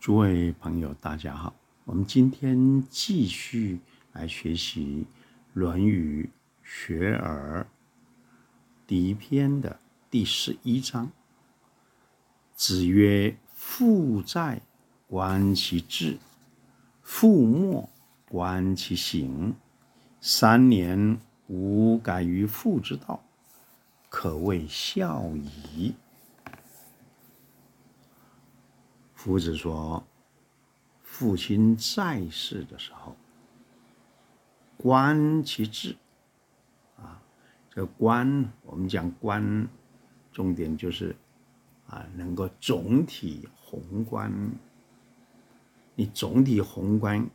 諸位朋友，大家好！我們今天繼續來學習《論語·學而》第一篇的第十一章。子曰：“父在，觀其志；父沒，觀其行。三年無改於父之道，可謂孝矣。”夫子說：“父親在世的時候，觀其志，啊，這個觀，我們講觀，重點就是，啊，能夠總體宏觀。你總體宏觀，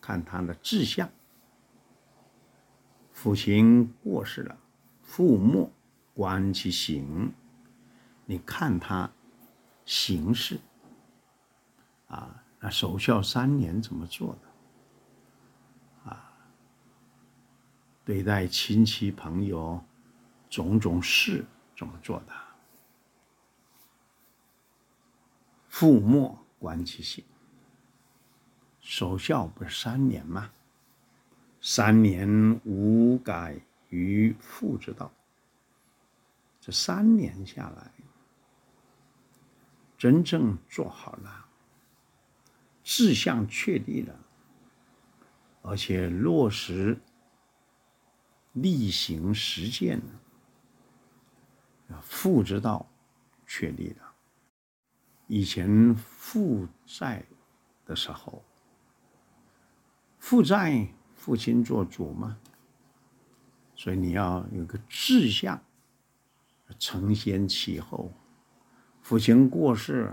看他的志向。父親過世了，父沒觀其行，你看他行事。”啊，那守孝三年怎麼做的？啊，對待親戚朋友、種種事怎麼做的？父沒觀其行。守孝不是三年嗎？三年無改於父之道。這三年下來，真正做好了。志向確立了，而且落實、例行實踐了，父之道確立了。以前父在的時候，父在，父親做主嘛，所以你要有個志向，承先啟後。父親過世，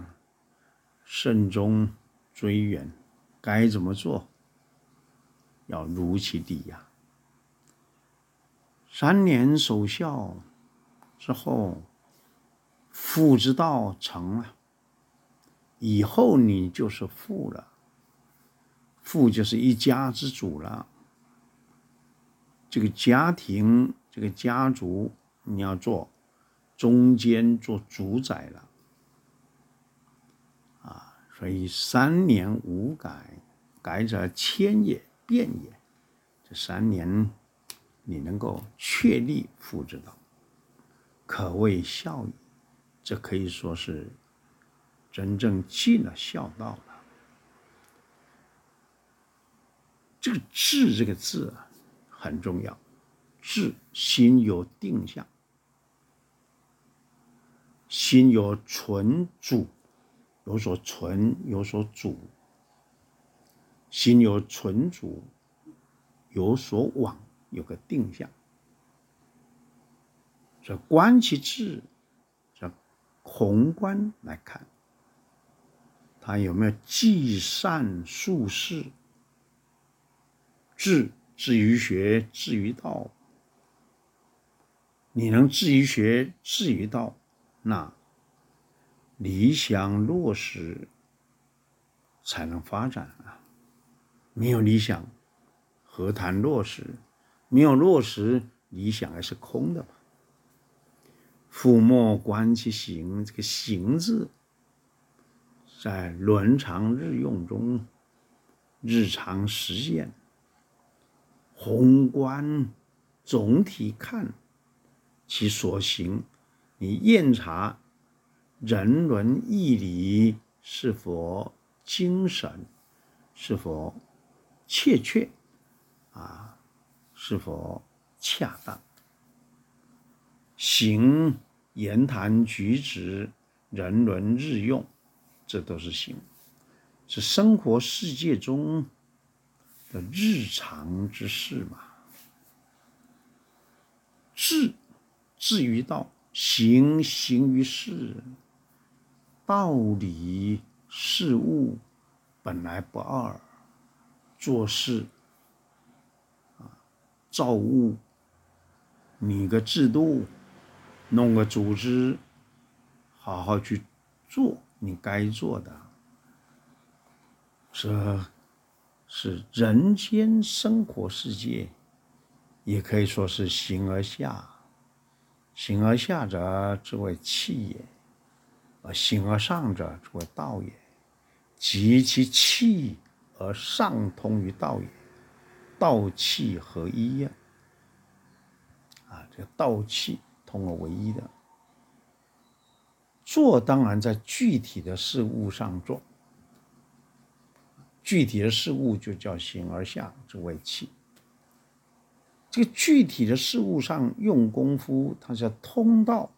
慎終。追遠，該怎麼做？要如期抵押。三年守孝之後，父之道成了，以後你就是父了。父就是一家之主了。這個家庭，這個家族，你要做，中間做主宰了。所以三年無改，改者遷也，變也。這三年，你能夠確立父之道，可謂孝矣。這可以說是真正盡了孝道了。這個“志”這個字啊，很重要。志心有定向，心有存主。有所存，有所主，心有存主，有所往，有個定向。這觀其志，這宏觀來看，他有沒有繼善述事？志至於學，至於道。你能至於學，至於道，那。理想落實才能發展啊！沒有理想，何談落實？沒有落實，理想還是空的吧？父沒觀其行，這個“行”字，在倫常日用中，日常實現。宏觀總體看其所行，你驗察。人倫義理是否精神是否確切啊？是否恰當？行言談舉止，人倫日用，這都是行，是生活世界中的日常之事嘛？志志於道，行行於世。道理事物本來不二，做事造物，擬個制度弄個組織，好好去做你該做的，這是人間生活世界，也可以說是形而下，形而下者謂之器也。而形而上者，為道也；及其器而上通於道也，道器合一呀，啊，這個道器通而為一的。做當然在具體的事物上做，具體的事物就叫形而下，為器。這個具體的事物上用功夫，它叫通道。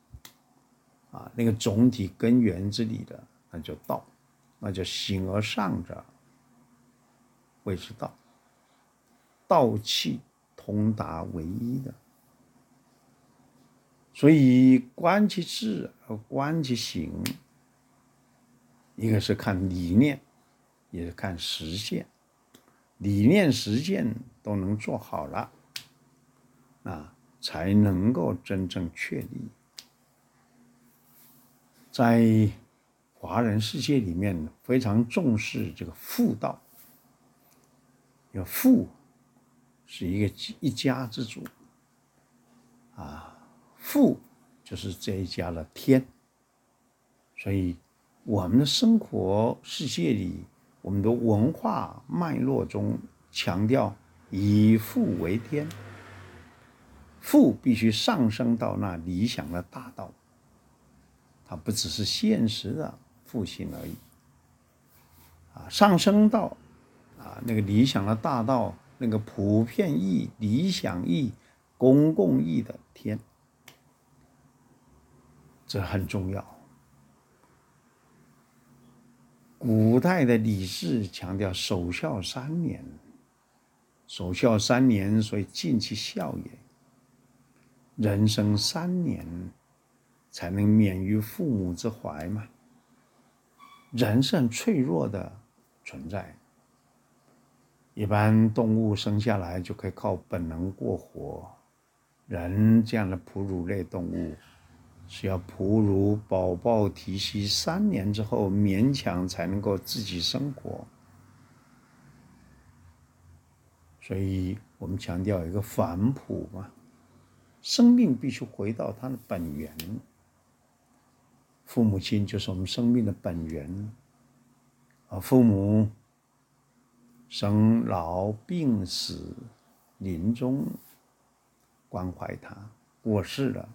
啊，那個總體根源之理的，那叫道，那叫形而上者謂之道，道氣通達唯一的，所以觀其志而觀其行，一個是看理念，也是看實踐，理念實踐都能做好了，啊，才能夠真正確立。在華人世界裡面，非常重視這個父道。因為父是一個一家之主，啊，父就是這一家的天。所以，我們的生活世界裡，我們的文化脈絡中，強調以父為天，父必須上升到那理想的大道。它、啊、不只是現實的復興而已，啊，上升到，啊，那個理想的大道，那個普遍義、理想義、公共義的天，這很重要。古代的禮制強調守孝三年，守孝三年，所以盡其孝也。人生三年，才能免於父母之懷嘛。人是很脆弱的存在，一般動物生下來就可以靠本能過活，人這樣的哺乳類動物是要哺乳、寶寶啼哭，三年之後勉強才能夠自己生活。所以我們強調一個反哺嘛，生命必須回到它的本源。父母親就是我們生命的本源啊！父母生老病死、臨終關懷他，過世了，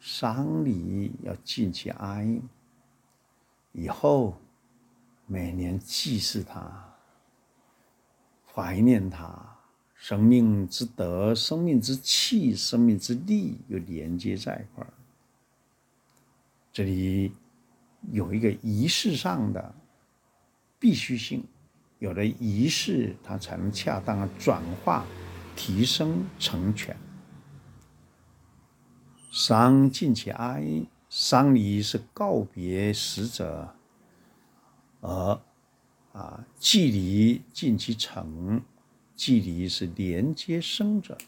喪禮要盡其哀。以後每年祭祀他，懷念他，生命之德、生命之氣、生命之力又連接在一塊兒。這裡有一個儀式上的必須性，有了儀式，它才能恰當的轉化、提升、成全。喪盡其哀，喪禮是告別死者；而啊祭禮近其成，祭禮是連接生者。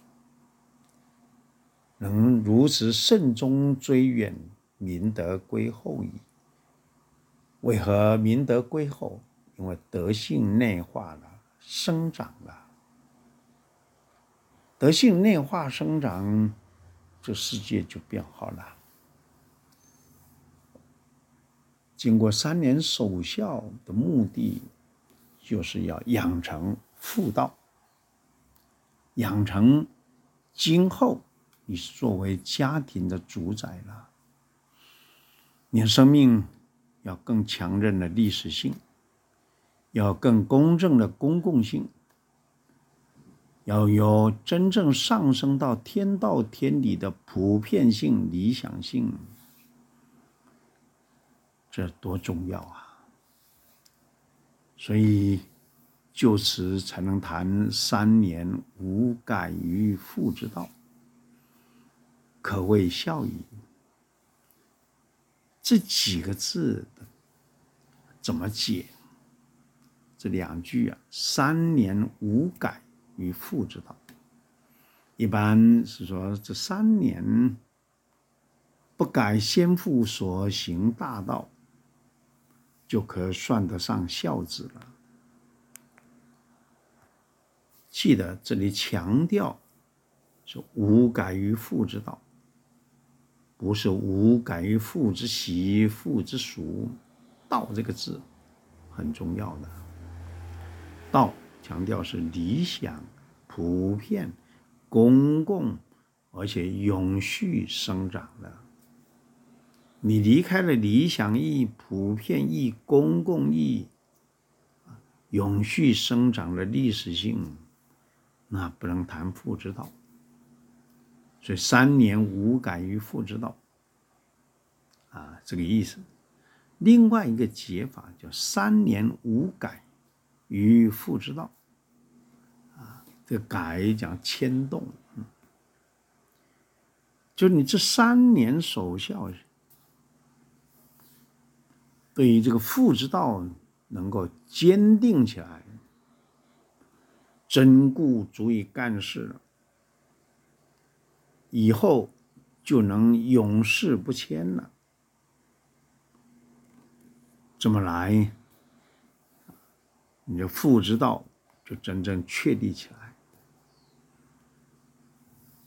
能如此慎終追遠。民德歸厚矣，為何民德歸厚？因為德性內化了，生長了。德性內化生長，這世界就變好了。經過三年守孝的目的，就是要養成婦道，養成今後你作為家庭的主宰了。你生命要更強韌的歷史性，要更公正的公共性，要有真正上升到天道天理的普遍性理想性，這多重要啊！所以，就此才能談三年無改於父之道，可謂孝矣。這幾個字的怎麼解？這兩句啊，三年無改於父之道，一般是說這三年不改先父所行大道，就可算得上孝子了。記得這裡強調說無改於父之道。不是無改於父之習，父之俗。道這個字很重要的，道強調是理想、普遍、公共，而且永續生長的。你離開了理想意義、普遍意義、公共意義、永續生長的歷史性，那不能談父之道。所以三年無改於父之道，啊，這個意思。另外一個解法叫三年無改於父之道，啊，這改講牽動，就你這三年守孝，對於這個父之道能夠堅定起來，貞固足以幹事了。以後就能永世不遷了。這麼來，你的父之道就真正確立起來。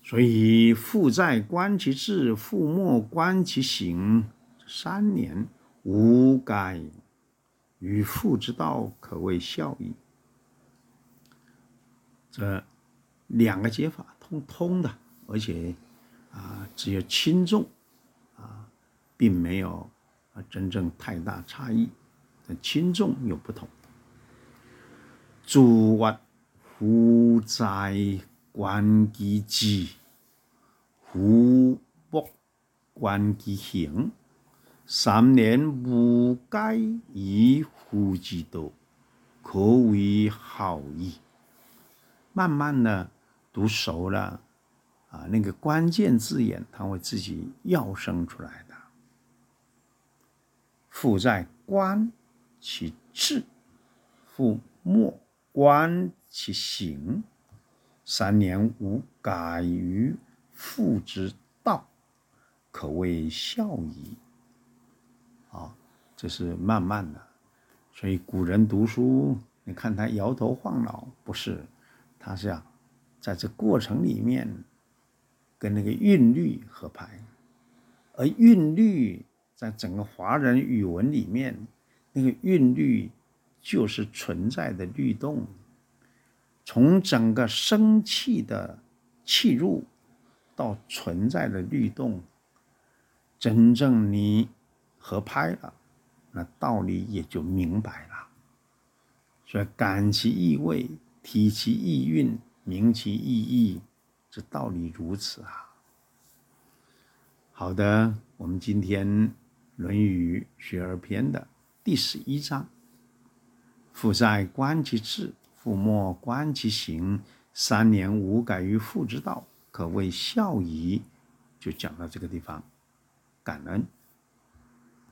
所以父在觀其志，父沒觀其行。三年無改於父之道，可謂孝矣。這兩個解法通通的。而且，啊，只有輕重，啊，並沒有啊真正太大差異，但輕重有不同。子曰，父在觀其志，父沒觀其行，三年無改於父之道，可謂孝矣。慢慢的讀熟了。啊，那個關鍵字眼，它會自己要生出來的。父在觀其志，父沒觀其行。三年無改於父之道，可謂孝矣。啊，這是慢慢的。所以古人讀書，你看他搖頭晃腦，不是，他是要在這過程裡面。跟那個韻律合拍，而韻律在整個華人語文裡面，那個韻律就是存在的律動，從整個生氣的氣入到存在的律動，真正你合拍了，那道理也就明白了。所以感其意味，體其意蘊，明其意義。這道理如此啊。好的，我們今天《論語·學而篇》的第十一章：“父在，觀其志；父沒，觀其行。三年無改於父之道，可謂孝矣。”就講到這個地方，感恩。